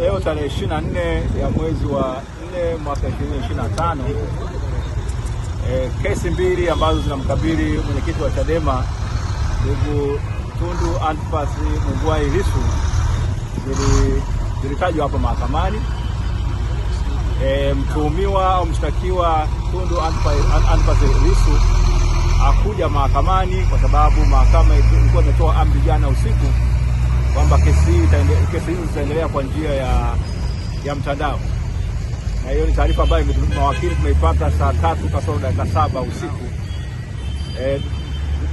Leo, tarehe ishirini na nne ya mwezi wa nne mwaka elfu mbili ishirini na tano e, kesi mbili ambazo zinamkabili mwenyekiti wa Chadema ndugu Tundu Antipas Mughwai Lissu zilitajwa hapa mahakamani. E, mtuhumiwa au mshtakiwa Tundu Antipas Lissu hakuja mahakamani kwa sababu mahakama ilikuwa imetoa amri jana usiku kwamba kesi hizi zitaendelea kwa njia ya, ya mtandao, na hiyo ni taarifa ambayo mawakili tumeipata saa tatu kasoro dakika saba usiku. E,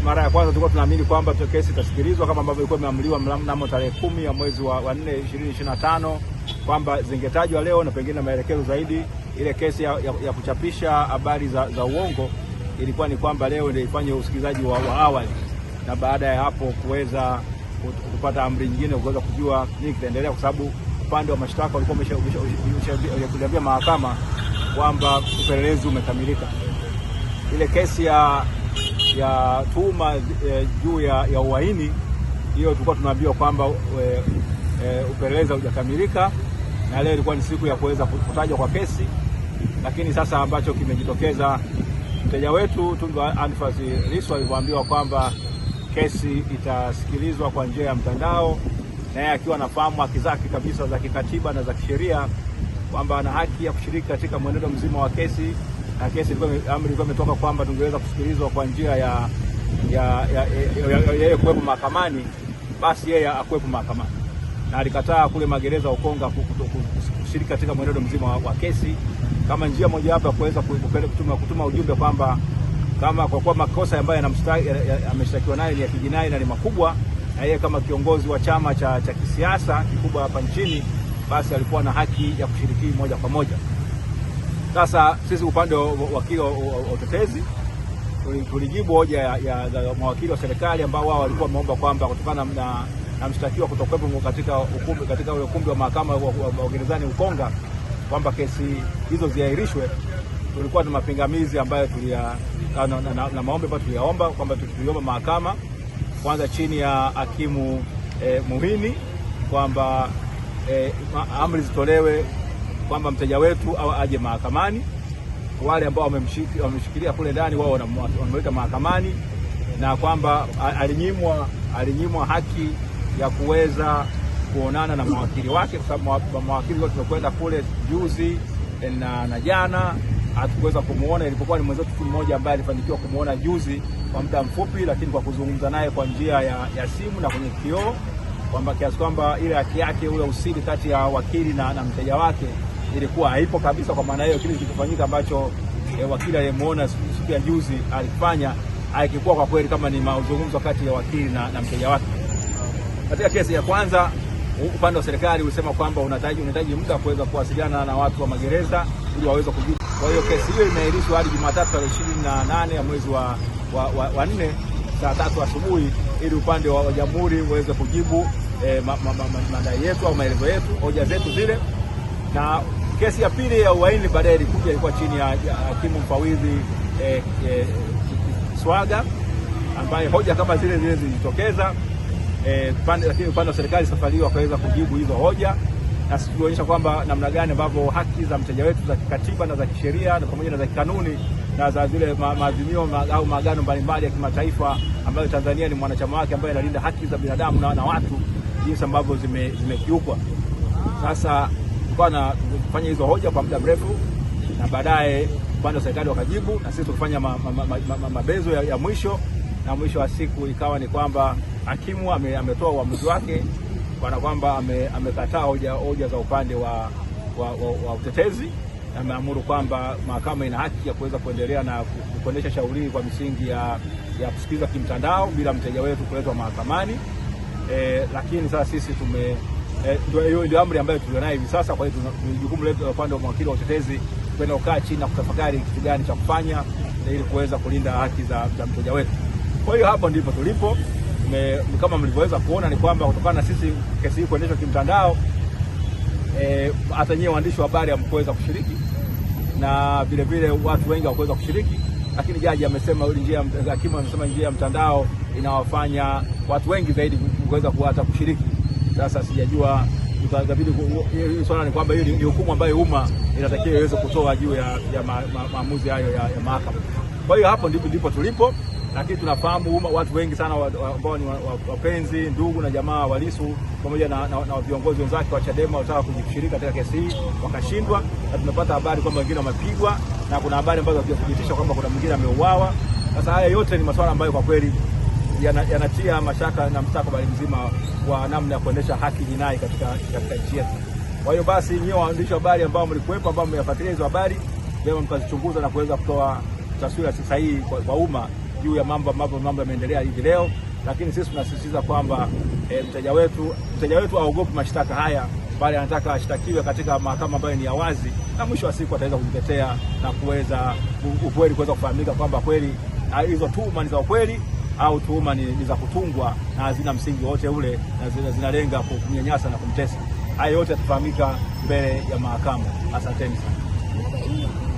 mara ya kwanza tulikuwa tunaamini kwamba kesi itasikilizwa kama ambavyo ilikuwa imeamriwa mnamo tarehe kumi ya mwezi wa nne ishirini ishirini na tano kwamba zingetajwa leo na pengine na maelekezo zaidi. Ile kesi ya, ya, ya kuchapisha habari za, za uongo ilikuwa ni kwamba leo ndio ifanye usikilizaji wa, wa awali na baada ya hapo kuweza kupata amri nyingine kuweza kujua nini kitaendelea, kwa sababu upande wa mashtaka walikuwa wameshakuambia mahakama kwamba upelelezi umekamilika. Ile kesi ya ya tuhuma e, juu ya, ya uhaini hiyo tulikuwa tunaambiwa kwamba e, e, upelelezi haujakamilika, na leo ilikuwa ni siku ya kuweza kutajwa kwa kesi, lakini sasa ambacho kimejitokeza mteja wetu Tundu Anfas Lissu alivyoambiwa kwamba kesi itasikilizwa kwa njia ya mtandao, naye akiwa anafahamu haki zake kabisa za kikatiba na za kisheria kwamba ana haki ya kushiriki katika mwenendo mzima wa kesi, na kesi amri ilikuwa imetoka kwamba tungeweza kusikilizwa kwa njia ya yeye kuwepo mahakamani, basi yeye akuwepo mahakamani, na alikataa kule magereza Ukonga kushiriki katika mwenendo mzima wa kesi kama njia mojawapo ya kuweza kutuma ujumbe kwamba kama kwa kuwa makosa ambayo ameshtakiwa nayo ni ya kijinai na ni makubwa, na yeye kama kiongozi wa chama cha, cha kisiasa kikubwa hapa nchini, basi alikuwa na haki ya kushiriki moja kwa moja. Sasa sisi upande wa wakili wa utetezi tulijibu hoja ya, ya, ya mawakili wa serikali ambao wao walikuwa wameomba kwamba kutokana na, na mshtakiwa kutokuwepo katika ukumbi katika ule ukumbi wa mahakama wa gerezani Ukonga kwamba kesi hizo ziahirishwe tulikuwa na mapingamizi ambayo tulia, na, na, na, na maombi ambayo tuliyaomba kwamba tuliomba mahakama kwanza chini ya hakimu e, Muhini kwamba e, amri zitolewe kwamba mteja wetu au aje mahakamani. Wale ambao wamemshikilia kule ndani wao wanamweka mahakamani, na kwamba alinyimwa alinyimwa haki ya kuweza kuonana na mawakili wake, kwa sababu mawakili wao tumekwenda kule juzi eh, na, na jana hatukuweza kumuona, ilipokuwa ni mwenzetu tu mmoja ambaye alifanikiwa kumuona juzi kwa muda mfupi, lakini kwa kuzungumza naye kwa njia ya, ya simu na kwenye kioo, kwamba kiasi kwamba ile haki yake ule usiri kati ya wakili na, na mteja wake ilikuwa haipo kabisa. Kwa maana hiyo, kile kilichofanyika ambacho eh, wakili aliyemuona siku ya juzi alifanya haikikuwa kwa kweli kama ni mazungumzo kati ya wakili na, na mteja wake. Katika kesi ya kwanza upande wa serikali ulisema kwamba unahitaji muda kuweza kuwasiliana na watu wa magereza ili waweze kujua kwa hiyo kesi hiyo imeahirishwa hadi Jumatatu tarehe ishirini na nane ya mwezi wa, wa, wa, wa nne saa tatu asubuhi ili upande wa jamhuri uweze kujibu eh, madai ma, ma, ma, yetu au maelezo yetu hoja zetu zile. Na kesi ya pili ya uhaini baadaye ilikuja, ilikuwa chini ya hakimu mfawidhi eh, eh, Swaga ambaye hoja kama zile zile zilijitokeza eh, lakini upande wa serikali safari hii wakaweza kujibu hizo hoja na sisi tulionyesha kwamba namna gani ambavyo haki za mteja wetu za kikatiba na za kisheria na pamoja na za kikanuni na za zile maazimio ma, au maagano mbalimbali ya kimataifa ambayo Tanzania ni mwanachama wake ambayo analinda haki za binadamu na, na watu jinsi ambavyo zimekiukwa zime sasa tulikuwa na kufanya hizo hoja kwa muda mrefu, na baadaye upande wa serikali wakajibu, na sisi tukafanya mabezo ma, ma, ma, ma, ya, ya mwisho, na mwisho wa siku ikawa ni kwamba hakimu ametoa ame uamuzi wake kana kwamba amekataa hoja hoja za upande wa, wa, wa, wa utetezi. Ameamuru kwamba mahakama ina haki ya kuweza kuendelea na kuendesha shauri kwa misingi ya, ya kusikiliza kimtandao bila mteja wetu kuletwa mahakamani e, lakini sasa sisi tume e, hiyo ndio amri ambayo tulionayo hivi sasa. Kwa hiyo ni jukumu letu upande wa mwakili wa utetezi kwenda kukaa chini na kutafakari kitu gani cha kufanya ili kuweza kulinda haki za, za mteja wetu. Kwa hiyo hapo ndipo tulipo me, kama mlivyoweza kuona ni kwamba kutokana na sisi kesi hii kuendeshwa kimtandao, eh, hata e, nyie waandishi wa habari hamkuweza kushiriki na vile vile watu wengi hawakuweza kushiriki, lakini jaji amesema njia, hakimu amesema njia ya mtandao inawafanya watu wengi zaidi kuweza kuwata kushiriki. Sasa sijajua tutabidi swala ni kwamba hiyo ni hukumu ambayo umma inatakiwa iweze kutoa juu ya, ya maamuzi ma, hayo ya, ya mahakama. Kwa hiyo hapo ndipo tulipo lakini tunafahamu watu wengi sana ambao ni wapenzi ndugu na jamaa wa Lissu pamoja na, na, na viongozi wenzake wa Chadema walitaka kujishirika katika kesi hii wakashindwa, na tumepata habari kwamba wengine wamepigwa na kuna habari ambazo hazijathibitisha kwamba kuna mwingine ameuawa. Sasa haya yote ni masuala ambayo kwa kweli yanatia yana mashaka na mstakabali mzima wa namna ya kuendesha haki jinai katika nchi yetu. Kwa hiyo basi, nyie waandishi wa habari ambao mlikuwepo, ambao mmeyafuatilia hizo habari, vyema mkazichunguza na kuweza kutoa taswira sahihi kwa umma juu ya mambo ambavyo mambo yameendelea hivi leo, lakini sisi tunasisitiza kwamba e, mteja wetu mteja wetu aogopi mashtaka haya, bali anataka ashtakiwe katika mahakama ambayo ni ya wazi, na mwisho wa siku ataweza kujitetea na kuweza ukweli kuweza kufahamika kwamba kweli ah, hizo tuhuma ni za ukweli au tuhuma ni za kutungwa na hazina msingi wote ule na zinalenga kumnyanyasa na kumtesa. Haya yote yatafahamika mbele ya mahakama. Asanteni sana.